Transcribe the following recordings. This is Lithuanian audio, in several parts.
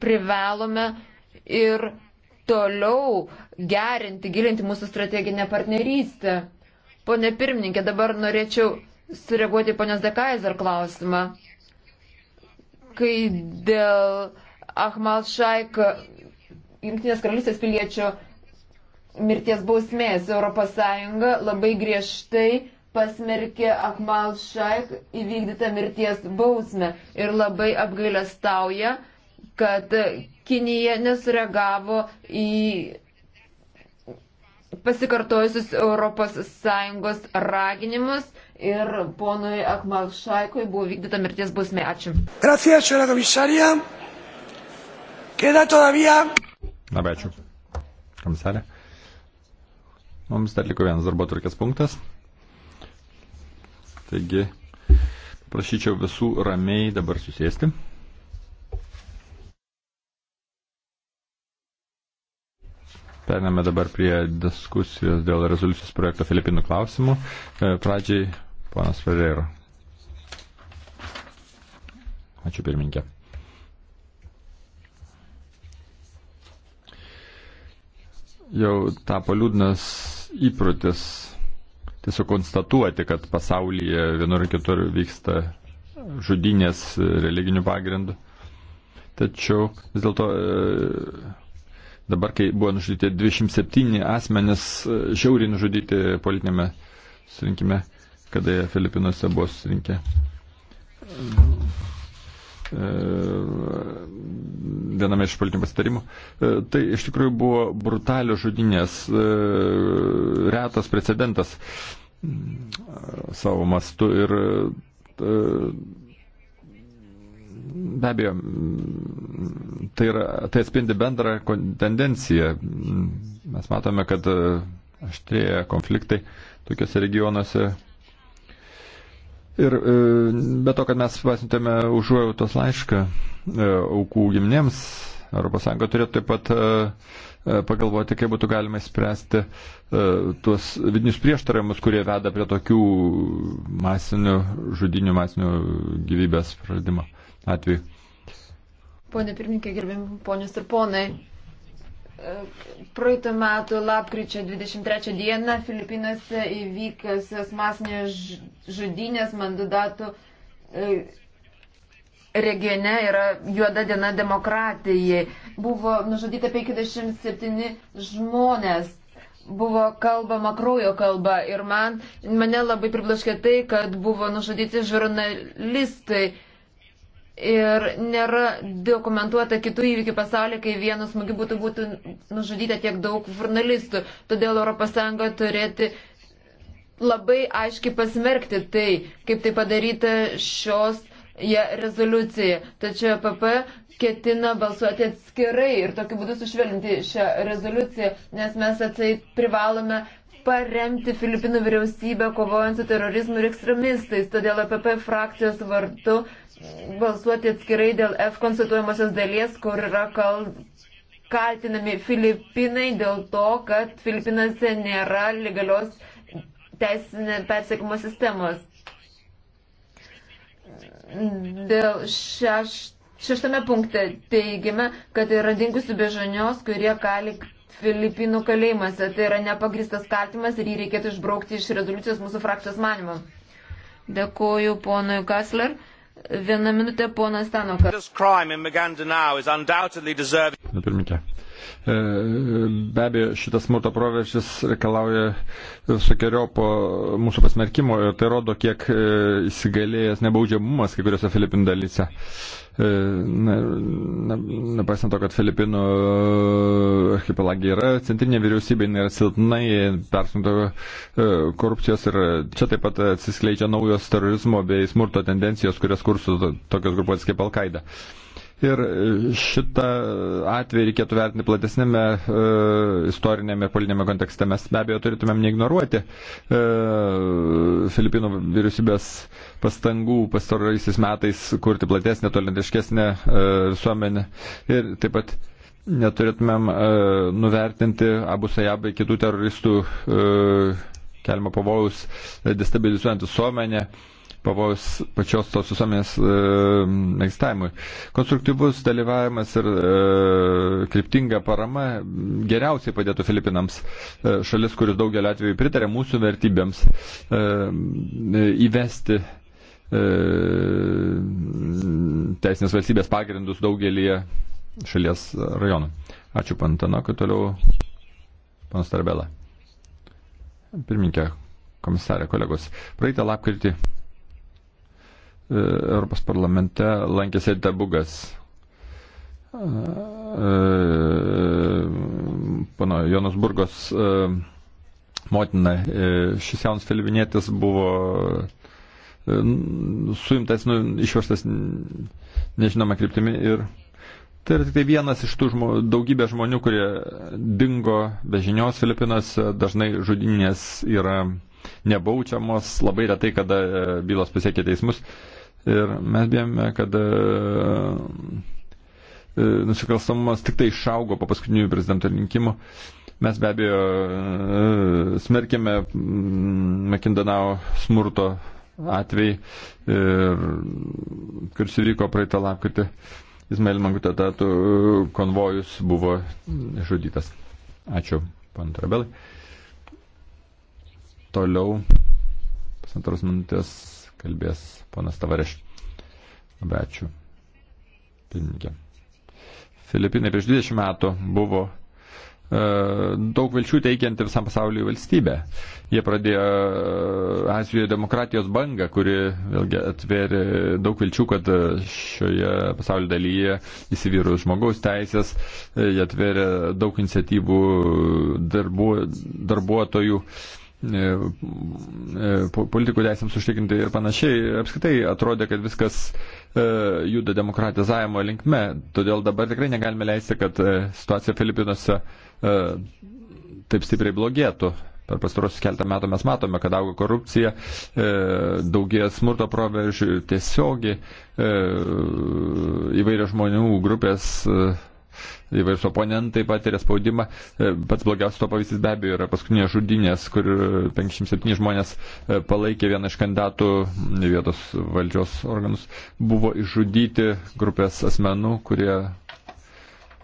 privalome ir toliau gerinti, gilinti mūsų strateginę partnerystę. Pone pirmininkė, dabar norėčiau sureaguoti ponios Dekaiser klausimą, kai dėl Ahmal Šaik Junktinės karalystės piliečio mirties bausmės ES labai griežtai pasmerkė Ahmal Šaik įvykdytą mirties bausmę ir labai apgailestauja, kad Kinija nesureagavo į pasikartojusius ES raginimus ir ponui Akmal Šaikui buvo vykdyta mirties bausmė. Ačiū. Gracias, señora komisarija. Queda todavía. Labai ačiū. Komisarė. Mums dar liko vienas darbo turkės punktas. Taigi, prašyčiau visų ramiai dabar susėsti. Pername dabar prie diskusijos dėl rezoliucijos projekto Filipinų klausimų. E, pradžiai, ponas Ferreiro. Ačiū pirmininkė. Jau tapo liūdnas įprotis tiesiog konstatuoti, kad pasaulyje vienur ir kitur vyksta žudynės religinių pagrindų. Tačiau vis dėlto e, Dabar, kai buvo nužudyti 207 asmenės, e, žiauriai nužudyti politinėme surinkime, kada jie Filipinuose buvo surinkę. E, viename iš politinių pasitarimų. E, tai iš tikrųjų buvo brutalios žudinės, retas precedentas savo mastu ir Be abejo, tai, yra, tai atspindi bendrą tendenciją. Mes matome, kad aštrėja konfliktai tokiuose regionuose. Ir e, be to, kad mes pasintėme užuojautos laišką e, aukų giminėms, ES turėtų taip pat e, pagalvoti, kaip būtų galima spręsti tuos vidinius prieštaravimus, kurie veda prie tokių masinių žudinių, masinių gyvybės praradimo atveju. Pone pirmininkė, gerbėm ponius ir ponai. Praeitų metų lapkričio 23 dieną Filipinose įvykusios masinės žudynės mandatų e, regione yra juoda diena demokratijai. Buvo nužudyta 57 žmonės buvo kalbama kraujo kalba ir man, mane labai priblaškė tai, kad buvo nužudyti žurnalistai ir nėra dokumentuota kitų įvykių pasaulyje, kai vienu smūgiu būtų, būtų nužudyta tiek daug žurnalistų. Todėl ES turėti labai aiškiai pasmerkti tai, kaip tai padaryta šios ja, rezoliucija. Tačiau PP ketina balsuoti atskirai ir tokiu būdu sušvelninti šią rezoliuciją, nes mes atseit privalome paremti Filipinų vyriausybę kovojant su terorizmu ir ekstremistais. Todėl APP frakcijos vardu uh, balsuoti atskirai dėl F konstatuojamosios dalies, kur yra kal... kaltinami Filipinai dėl to, kad Filipinose nėra legalios teisinės persiekimo sistemos. Dėl šeš... šeštame punkte teigime, kad tai yra dingusių bežanios, kurie kali Filipinų kalėjimuose. Tai yra nepagristas kaltimas ir jį reikėtų išbraukti iš rezoliucijos mūsų frakcijos manimo. Dėkuoju ponui Kasler. Vieną minutę ponas Tanokas. Na, pirmininkė. E, be abejo, šitas smurto proveržis reikalauja sukiriopo mūsų pasmerkimo ir tai rodo, kiek e, įsigalėjęs nebaudžiamumas kai kuriuose Filipinų dalyse. E, nepaisant to, kad Filipinų archipelagė yra centrinė vyriausybė, jinai yra silpnai persunta korupcijos ir čia taip pat atsiskleidžia naujos terorizmo bei smurto tendencijos, kurias kursų tokios grupuotės kaip Al-Qaeda. Uh, Ir e, šitą e, atvejį reikėtų vertinti platesnėme e, istorinėme ir politinėme kontekste. Mes be abejo turėtumėm neignoruoti e, Filipinų vyriausybės pastangų pastaraisiais metais kurti platesnę, tolerantiškesnę e, visuomenę ir taip pat neturėtumėm e, nuvertinti Abu Sajab bei kitų teroristų e, keliamą pavojus e, destabilizuojant visuomenę. E, pavojus pačios tos visuomenės e, egzistavimui. Konstruktyvus dalyvavimas ir e, kryptinga parama geriausiai padėtų Filipinams, e, šalis, kuris daugelį atvejų pritarė mūsų vertybėms, e, įvesti e, teisinės valstybės pagrindus daugelį šalies rajonų. Ačiū, Pantana, kad toliau. Panas Tarbela. Pirminkė, komisarė, kolegos. Praeitą lapkritį E, Europos parlamente lankėsi Dabugas. E, Pano Jonas Burgos e, motina, šis jaunas filipinietis buvo suimtas, nu, išvežtas nežinoma kryptimi ir tai yra tik tai vienas iš tų žmo, daugybė žmonių, kurie dingo be žinios Filipinose, dažnai žudinės yra nebaučiamos, labai retai, kada bylos pasiekia teismus. E, Ir mes bijome, kad e, e, nusikalstamumas tik tai išaugo po paskutinių prezidento rinkimų. Mes be abejo e, smerkėme mm, Mekindanao smurto atvejį, kuris įvyko praeitą lapkritį. Izmail Mangutetatų konvojus buvo žudytas. Ačiū, pan Trabelai. Toliau, pusantros minutės kalbės ponas Tavareš. Labai ačiū. Pirmininkė. Filipinai prieš 20 metų buvo e, daug vilčių teikianti visam pasauliu valstybė. Jie pradėjo e, Azijoje demokratijos bangą, kuri vėlgi atvėrė daug vilčių, kad šioje pasaulio dalyje įsivyrus žmogaus teisės, e, jie atvėrė daug iniciatyvų darbu, darbuotojų. Uh, E, e, politikų teisėms užtikrinti ir panašiai. Apskritai atrodė, kad viskas e, juda demokratizavimo linkme. Todėl dabar tikrai negalime leisti, kad situacija Filipinuose taip stipriai blogėtų. Per pastarosius keltą metų mes matome, kad auga korupcija, daugėja smurto proveržių, tiesiogiai įvairios žmonių grupės įvairūs oponentai patiria spaudimą. E, pats blogiausias to pavyzdys be abejo yra paskutinės žudinės, kur 57 žmonės e, palaikė vieną iš kandidatų vietos valdžios organus. Buvo išžudyti grupės asmenų, kurie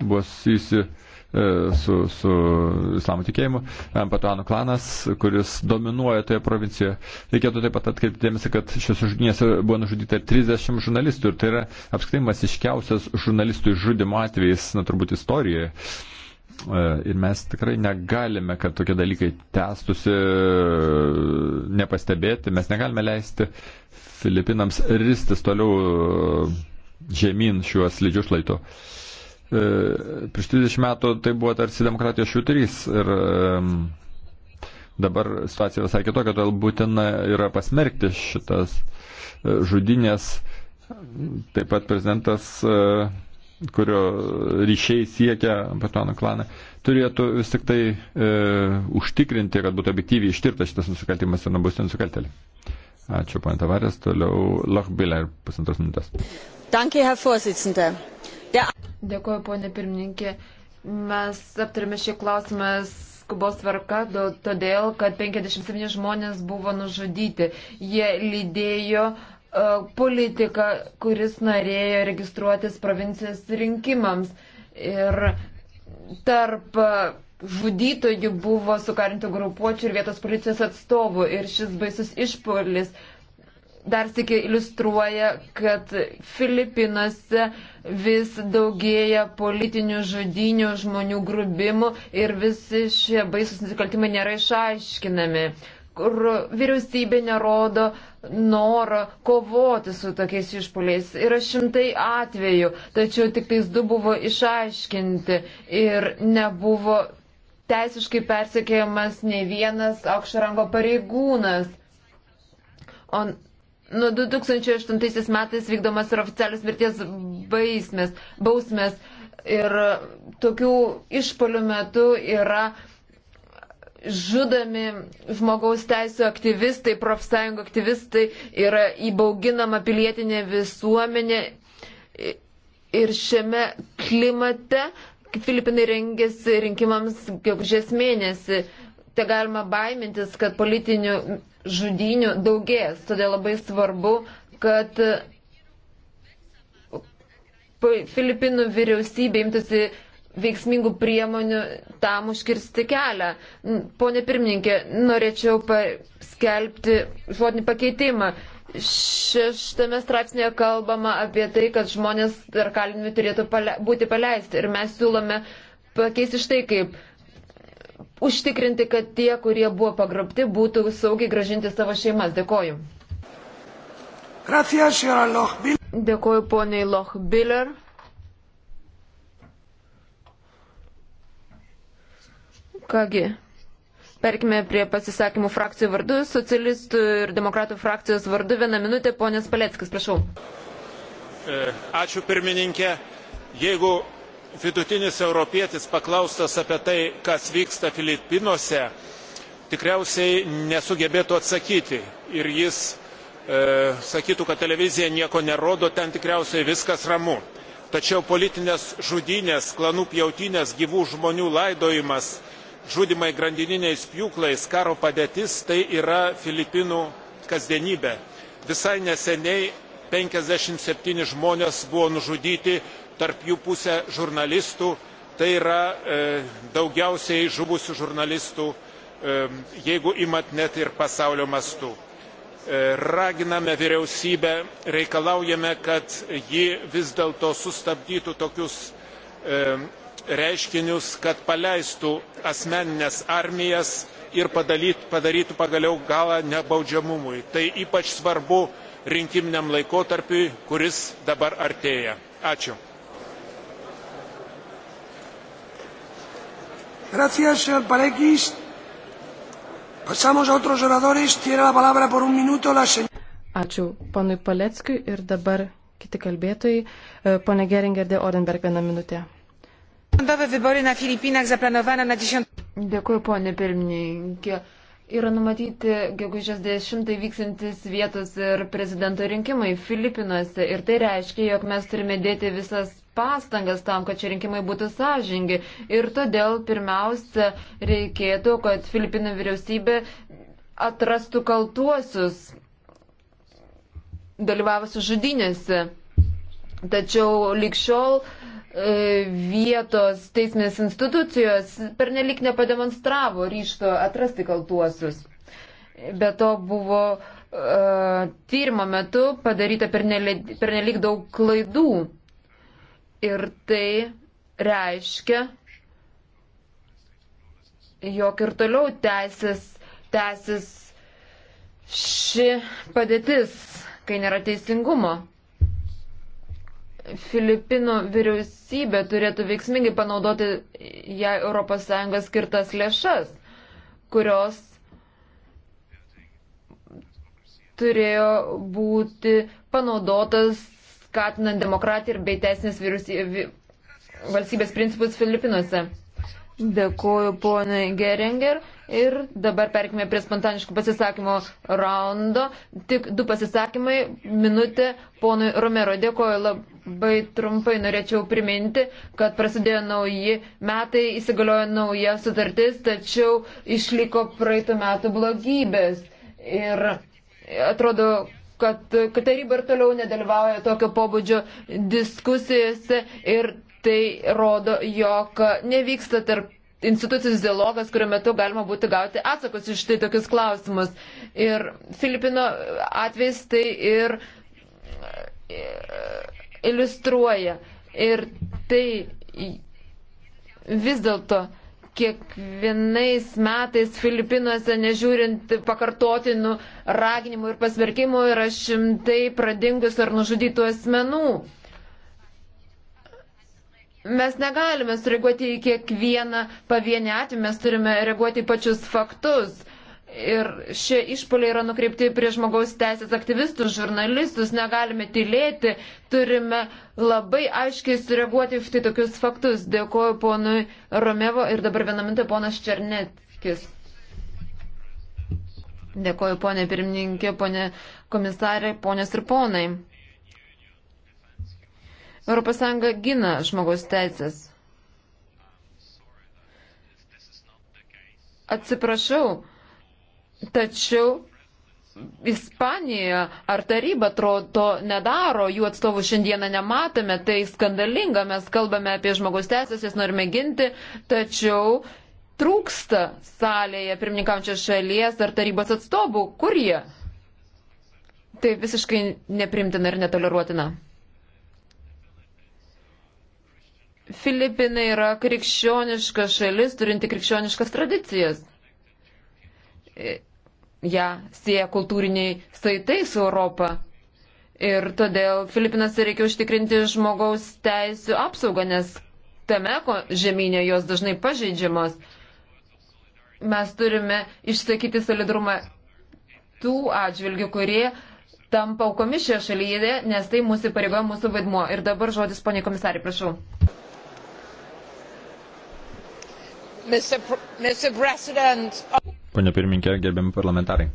buvo susijusi E, su, su islamo tikėjimu, Patuanų klanas, kuris dominuoja toje provincijoje. Reikėtų taip pat atkreipti dėmesį, kad šios žudynės buvo nužudyta 30 žurnalistų ir tai yra apskritai masiškiausias žurnalistų žudimo atvejis, na turbūt istorijoje. E, ir mes tikrai negalime, kad tokie dalykai tęstusi nepastebėti, mes negalime leisti Filipinams ristis toliau e, žemyn šiuo slidžiu šlaitu. Uh, E, prieš 30 metų tai buvo tarsi demokratijos šūtrys ir e, dabar situacija visai kitokia, todėl būtina yra pasmerkti šitas e, žudinės. Taip pat prezidentas, kurio ryšiai siekia Patono klaną, turėtų vis tik tai e, užtikrinti, kad būtų objektyviai ištirtas šitas nusikaltimas ir nebus nusikaltelė. Ačiū, pane Tavarės. Toliau Lochbiller, pusantros minutės. Danke, Herr Vorsitzender. Dėkuoju, ponė pirmininkė. Mes aptarėme šį klausimą skubos tvarka, todėl, kad 57 žmonės buvo nužudyti. Jie lydėjo e, politiką, kuris norėjo registruotis provincijos rinkimams. Ir tarp e, žudytojų buvo sukarintų grupuočių ir vietos policijos atstovų. Ir šis baisus išpolis dar sėkiai iliustruoja, kad Filipinuose vis daugėja politinių žudinių, žmonių grubimų ir visi šie baisus nusikaltimai nėra išaiškinami kur vyriausybė nerodo noro kovoti su tokiais išpoliais. Yra šimtai atvejų, tačiau tik tais du buvo išaiškinti ir nebuvo teisiškai persekėjamas ne vienas aukštarango pareigūnas. O Nuo 2008 metais vykdomas ir oficialius mirties baismės, bausmės ir tokių išpolių metu yra žudami žmogaus teisų aktyvistai, profsąjungų aktyvistai, yra įbauginama pilietinė visuomenė. Ir šiame klimate Filipinai rengėsi rinkimams gegužės mėnesį tai galima baimintis, kad politinių žudinių daugės. Todėl labai svarbu, kad Filipinų vyriausybė imtųsi veiksmingų priemonių tam užkirsti kelią. Pone pirmininkė, norėčiau paskelbti žodinį pakeitimą. Šeštame straipsnėje kalbama apie tai, kad žmonės ir kalinimi turėtų pale būti paleisti. Ir mes siūlome pakeisti štai kaip užtikrinti, kad tie, kurie buvo pagrobti, būtų saugiai gražinti savo šeimas. Dėkoju. Dėkoju poniai Lochbiller. Kągi, perkime prie pasisakymų frakcijų vardu, socialistų ir demokratų frakcijos vardu. Vieną minutę, ponės Paleckis, prašau. E, ačiū pirmininkė. Jeigu vidutinis europietis paklaustas apie tai, kas vyksta Filipinuose, tikriausiai nesugebėtų atsakyti. Ir jis e, sakytų, kad televizija nieko nerodo, ten tikriausiai viskas ramu. Tačiau politinės žudynės, klanų pjautinės, gyvų žmonių laidojimas, žudimai grandininiais pjūklais, karo padėtis, tai yra Filipinų kasdienybė. Visai neseniai 57 žmonės buvo nužudyti tarp jų pusė žurnalistų, tai yra e, daugiausiai žuvusių žurnalistų, e, jeigu imat net ir pasaulio mastu. E, raginame vyriausybę, reikalaujame, kad ji vis dėlto sustabdytų tokius e, reiškinius, kad paleistų asmeninės armijas ir padalyt, padarytų pagaliau galą nebaudžiamumui. Tai ypač svarbu rinkiminiam laikotarpiui, kuris dabar artėja. Ačiū. Gracias, señor Parekis. Pasamos a otros oradores. Tiene la palabra por un minuto la señora. Ačiū ponui Paleckiui ir dabar kiti kalbėtojai. E, pone Geringerdė Odenberg vieną minutę. Dėkuoju, ponė pirmininkė. Yra numatyti gegužės 10 vyksantis vietos ir prezidento rinkimai Filipinuose ir tai reiškia, jog mes turime dėti visas pastangas tam, kad šie rinkimai būtų sąžingi. Ir todėl pirmiausia reikėtų, kad Filipinų vyriausybė atrastų kaltuosius dalyvavusius žudinėse. Tačiau likščiol e, vietos teisminės institucijos pernelik nepademonstravo ryšto atrasti kaltuosius. Be to buvo uh, tyrimo metu padaryta pernelik, pernelik daug klaidų. Ir tai reiškia, jog ir toliau tęsis, tęsis ši padėtis, kai nėra teisingumo. Filipinų vyriausybė turėtų veiksmingai panaudoti jai ES skirtas lėšas, kurios turėjo būti panaudotas skatinant demokratiją ir bei teisinės vyriausybės valstybės principus Filipinuose. Dėkuoju ponai Geringer ir dabar perkime prie spontaniškų pasisakymų raundo. Tik du pasisakymai, minutė ponui Romero. Dėkuoju labai trumpai, norėčiau priminti, kad prasidėjo nauji metai, įsigaliojo nauja sutartis, tačiau išliko praeitų metų blogybės. Ir atrodo, kad, kad taryba ir toliau nedalyvauja tokio pobūdžio diskusijose ir tai rodo, jog nevyksta tarp institucijos dialogas, kurio metu galima būtų gauti atsakus iš tai tokius klausimus. Ir Filipino atvejs tai ir e, iliustruoja. Ir tai vis dėlto kiekvienais metais Filipinuose, nežiūrint pakartotinų raginimų ir pasmerkimų, yra šimtai pradingus ar nužudytų asmenų. Mes negalime sureaguoti į kiekvieną pavienį atvejį, mes turime reaguoti į pačius faktus. Ir šie išpoliai yra nukreipti prie žmogaus teisės aktyvistus, žurnalistus, negalime tylėti, turime labai aiškiai sureaguoti į tokius faktus. Dėkuoju ponui Romevo ir dabar vieną minutę ponas Černetkis. Dėkuoju ponė pirmininkė, ponė komisarė, ponės ir ponai. ES gina žmogaus teisės. Atsiprašau Tačiau Ispanija ar taryba to nedaro, jų atstovų šiandieną nematome, tai skandalinga, mes kalbame apie žmogaus teisės, jas norime ginti, tačiau trūksta salėje pirmininkaujančios šalies ar tarybos atstovų, kur jie? Tai visiškai neprimtina ir netoleruotina. Filipinai yra krikščioniška šalis, turinti krikščioniškas tradicijas ją ja, sieja kultūriniai saitai su Europą. Ir todėl Filipinose reikia užtikrinti žmogaus teisų apsaugą, nes tame žemynė jos dažnai pažeidžiamos. Mes turime išsakyti solidarumą tų atžvilgių, kurie tampa aukomis šioje šalyje, nes tai mūsų pareigoja mūsų vaidmuo. Ir dabar žodis, ponė komisarė, prašau. Mr. Pr Mr. President... Pane pirmininkė, gerbiami parlamentarai.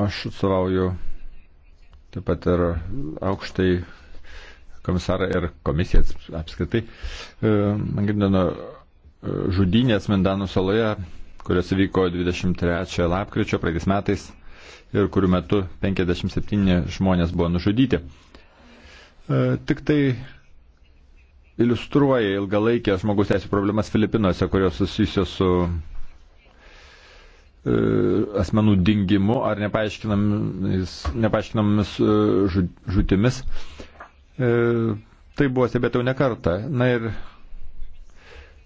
Aš atstovauju taip pat ir aukštai komisarą ir komisiją apskritai. E, Magdaleno e, žudynės Mendano saloje, kurios vyko 23 lapkričio praeitais metais ir kurių metu 57 žmonės buvo nužudyti. E, tik tai iliustruoja ilgalaikę žmogus teisų problemas Filipinuose, kurios susijusios su e, asmenų dingimu ar nepaaiškinamis, nepaaiškinamis e, žūtimis. E, tai buvo stebėta jau ne kartą. Na ir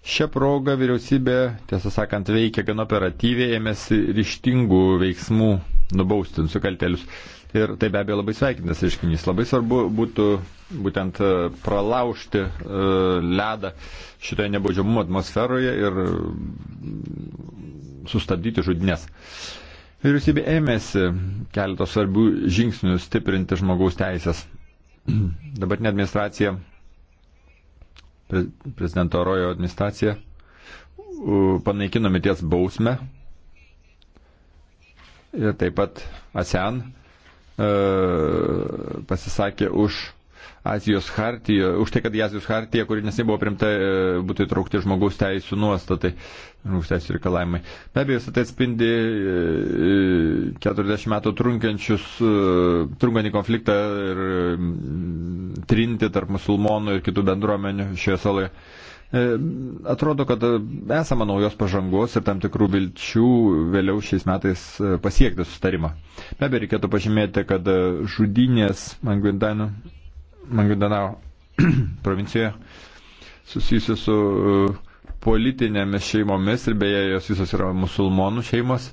šią progą vyriausybė, tiesą sakant, veikia gan operatyviai, ėmėsi ryštingų veiksmų nubausti nusikaltelius. Ir tai be abejo labai sveikintas reiškinys. Labai svarbu būtų būtent e, pralaužti e, ledą šitoje nebaudžiamumo atmosferoje ir mm, sustabdyti žudinės. Vyriausybė ėmėsi keletos svarbių žingsnių stiprinti žmogaus teisės. Dabartinė administracija, pre, prezidento Rojo administracija, panaikino mirties bausmę ir taip pat ASEAN E, pasisakė už Azijos hartiją, už tai, kad į Azijos hartiją, kuri neseniai buvo primta, e, būtų įtraukti žmogaus teisų nuostatai, žmogaus teisų reikalavimai. Be abejo, visą tai atspindi 40 e, metų trunkiančius, trunkantį konfliktą ir trinti tarp musulmonų ir kitų bendruomenių šioje saloje. E, atrodo, kad esama naujos pažangos ir tam tikrų vilčių vėliau šiais metais e, pasiekti sustarimą. Be abejo, reikėtų pažymėti, kad e, žudynės Manguindanao provincijoje susijusios su politinėmis šeimomis ir beje jos visos yra musulmonų šeimos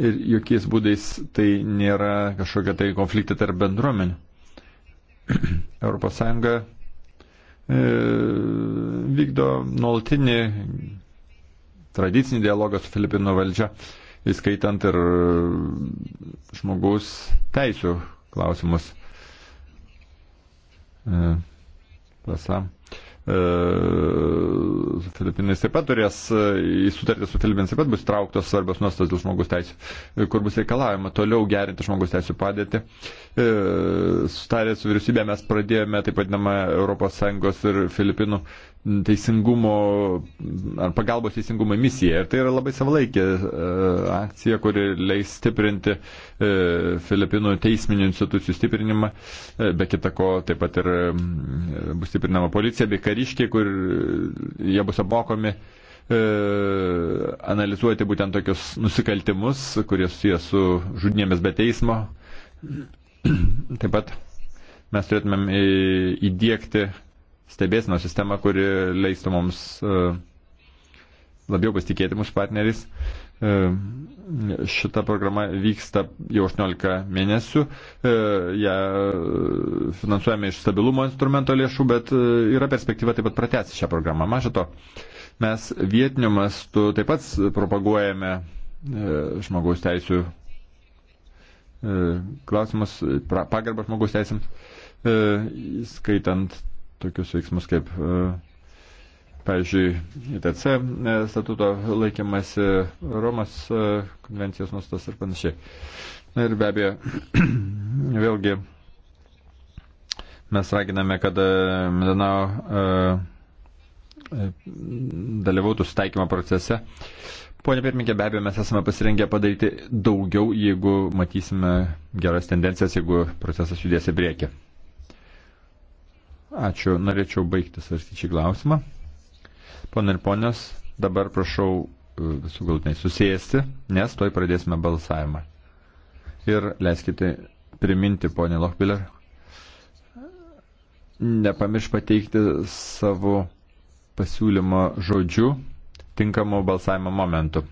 ir jokiais būdais tai nėra kažkokia tai konfliktai tarp bendruomenių. ES E, vykdo nuolatinį tradicinį dialogą su Filipinų valdžia, įskaitant ir žmogaus teisų klausimus. Pasam. E, E, Filipinais taip pat turės, e, į sutartį su Filipinais taip pat bus trauktos svarbios nuostatos dėl žmogus teisų, e, kur bus reikalavima toliau gerinti žmogus teisų padėtį. Sutarę su vyriausybė mes pradėjome taip vadinamą ES ir Filipinų teisingumo ar pagalbos teisingumo misija. Ir tai yra labai savalaikė e, akcija, kuri leis stiprinti e, Filipinų teisminių institucijų stiprinimą, e, be kita ko taip pat ir bus stiprinama policija bei kariškiai, kur jie bus apmokomi analizuoti būtent tokius nusikaltimus, kurie susiję su žudinėmis be teismo. Taip pat mes turėtumėm įdėkti stebėsino sistemą, kuri leistų mums e, labiau pasitikėti mūsų partneriais. E, šita programa vyksta jau 18 mėnesių, e, ją finansuojame iš stabilumo instrumento lėšų, bet yra perspektyva taip pat pratęsti šią programą. Maža to, mes vietiniu mastu taip pat propaguojame žmogaus teisų klausimus, pagarbą žmogaus teisėms, skaitant tokius veiksmus kaip, e, pavyzdžiui, ITC e, statuto laikymasi, Romos e, konvencijos nustas ir panašiai. Na ir be abejo, vėlgi mes raginame, kad Medanau dalyvautų sutaikymo procese. Pone pirmininkė, be abejo, mes esame pasirengę padaryti daugiau, jeigu matysime geras tendencijas, jeigu procesas judės į priekį. Ačiū. Norėčiau baigti svarstyti šį klausimą. Pone ir ponios, dabar prašau e, visų galtinai susėsti, nes toj pradėsime balsavimą. Ir leiskite priminti, ponė Lochbiller, nepamirš pateikti savo pasiūlymo žodžiu tinkamo balsavimo momentu.